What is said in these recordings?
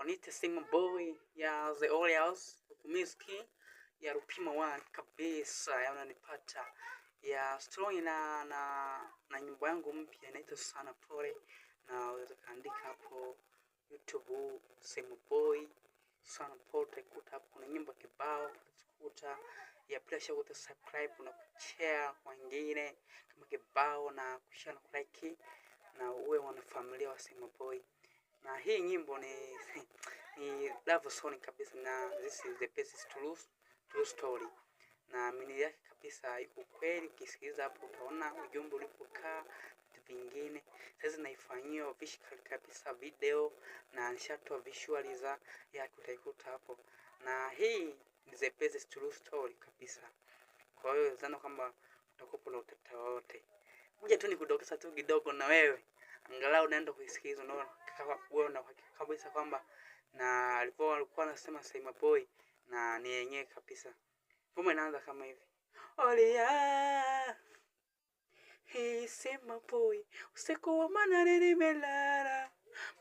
Bonita Single Boy ya The Orioles, Rukumiski ya Rupima One kabisa ya unanipata ya strong na na, na nyimbo yangu mpya inaitwa sana pole, na unaweza kaandika hapo YouTube Single Boy sana pole, utaikuta hapo. Kuna nyimbo kibao utakuta ya bila shaka subscribe na kushare kwa wengine kama kibao na kushare na kulike na uwe wanafamilia wa Single Boy na hii nyimbo ni ni love song kabisa, na this is the best truth true story, na mini yake kabisa iko kweli. Ukisikiliza hapo utaona ujumbe ulipokaa vingine. Sasa naifanyia official kabisa video na nishatoa visual za yake, utaikuta hapo, na hii ni the best true story kabisa. Kwa hiyo zana kwamba utakuwa na utata wote. Moja tu nikudokeza tu kidogo na wewe angalau unaenda kuisikiza, unaona unaona kabisa kwamba na alikuwa walikuwa anasema Sema Boy na ni yenyewe kabisa. Ngoma inaanza kama hivi. Olia Hey Sema Boy, usiku wa manane nimelala,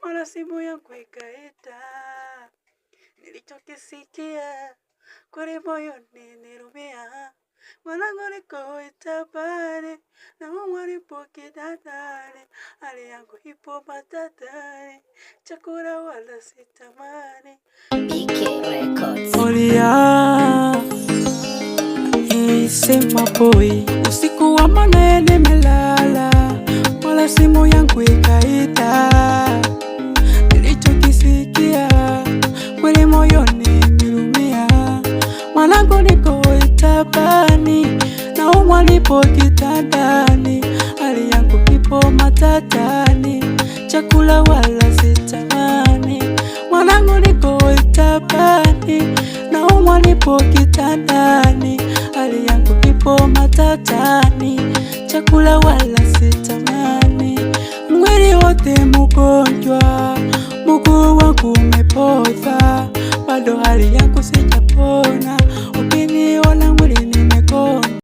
mara simu yangu ikaita, nilichokisikia kuri moyoni nilumia, mwanangu niko itabare na lipuki dadari, hali yangu ipo matatari, chakula wala sitamani. Olia isema boy, usiku wa manane nimelala, wala simu yangu ikaita, nilichokisikia kweli moyoni nilumia, mwanangu niko itabani Naumwa nipo kitandani, hali yangu ipo matatani, chakula wala sitamani, mwanangu niko itabani. Naumwa nipo kitandani, hali yangu ipo matatani, chakula wala sitamani, mwili wote mgonjwa, mguu wangu umepooza, bado hali yangu sija